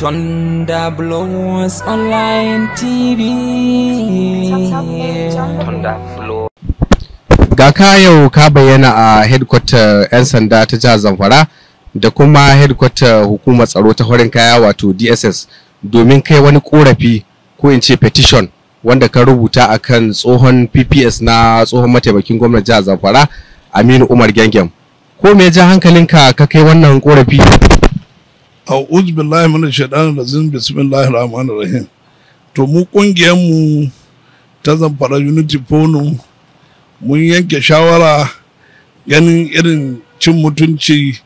Thunder Blows Online TV. Ga ka yau ka bayyana a headquarter 'yan sanda ta jihar Zamfara da kuma headquarter hukumar tsaro ta horin kaya wato DSS domin kai wani korafi ko in ce petition wanda ka rubuta akan tsohon PPS na tsohon mataimakin gwamnati jihar Zamfara Aminu Umar Gengem. Ko me ja hankalinka ka kai wannan korafi? a'udhu billahi minash shaitanir rajim bismillahir rahmanir rahim to mu kungiyar mu ta zamfara unity Fonu mun yanke shawara ganin irin cin mutunci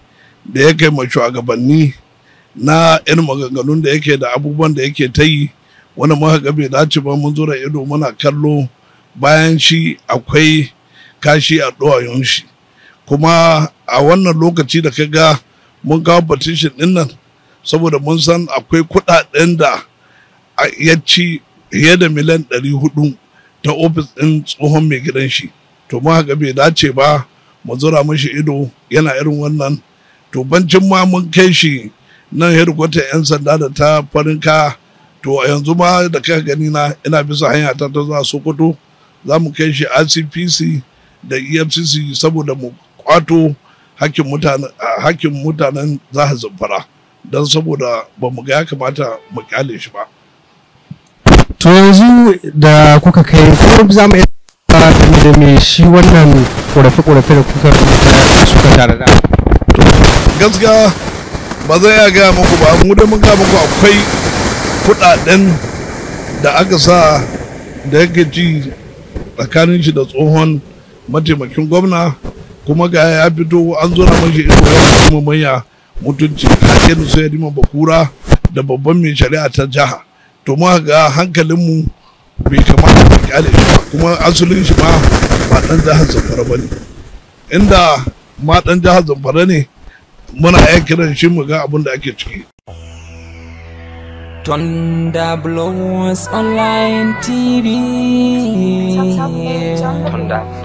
da ya kai mai shugabanni na irin maganganun da yake da abubuwan da yake ta yi wani muka ga dace ba mun zura ido muna kallo bayan shi akwai kashi a ɗuwayen shi kuma a wannan lokaci da ka ga mun kawo petition ɗin nan saboda mun san akwai kuɗaɗen da ya ci fiye da miliyan ɗari hudu ta ofis ɗin tsohon mai gidan shi to ma haka bai dace ba mu zura mashi ido yana irin wannan to bancin ma mun kai shi nan hedikwatar 'yan sanda da ta farin kaya to yanzu ma da kai gani na ina bisa hanya ta ta zuwa sokoto za mu kai shi rcpc da efcc saboda mu kwato hakkin mutanen za zamfara don saboda ba mu ga ya kamata mu kyale shi ba to yanzu da kuka kai ko za mu yi da me shi wannan korafe-korafe da kuka suka tare da gaskiya ba zai ya gaya muku ba mu da mun gaya muku akwai kuɗaɗen da aka sa da yake ji tsakanin shi da tsohon mataimakin gwamna kuma ga ya fito an zo na mashi ido ya manya mutunci kakin su ya dima bakura da babban mai shari'a ta jiha to mu ga hankalinmu bai kamata mu kyale shi ba kuma asulin shi ma ba dan jihar zamfara ba ne inda ma dan jihar zamfara ne muna iya kiran shi mu ga abin da ake ciki Tonda blows online TV. Yeah.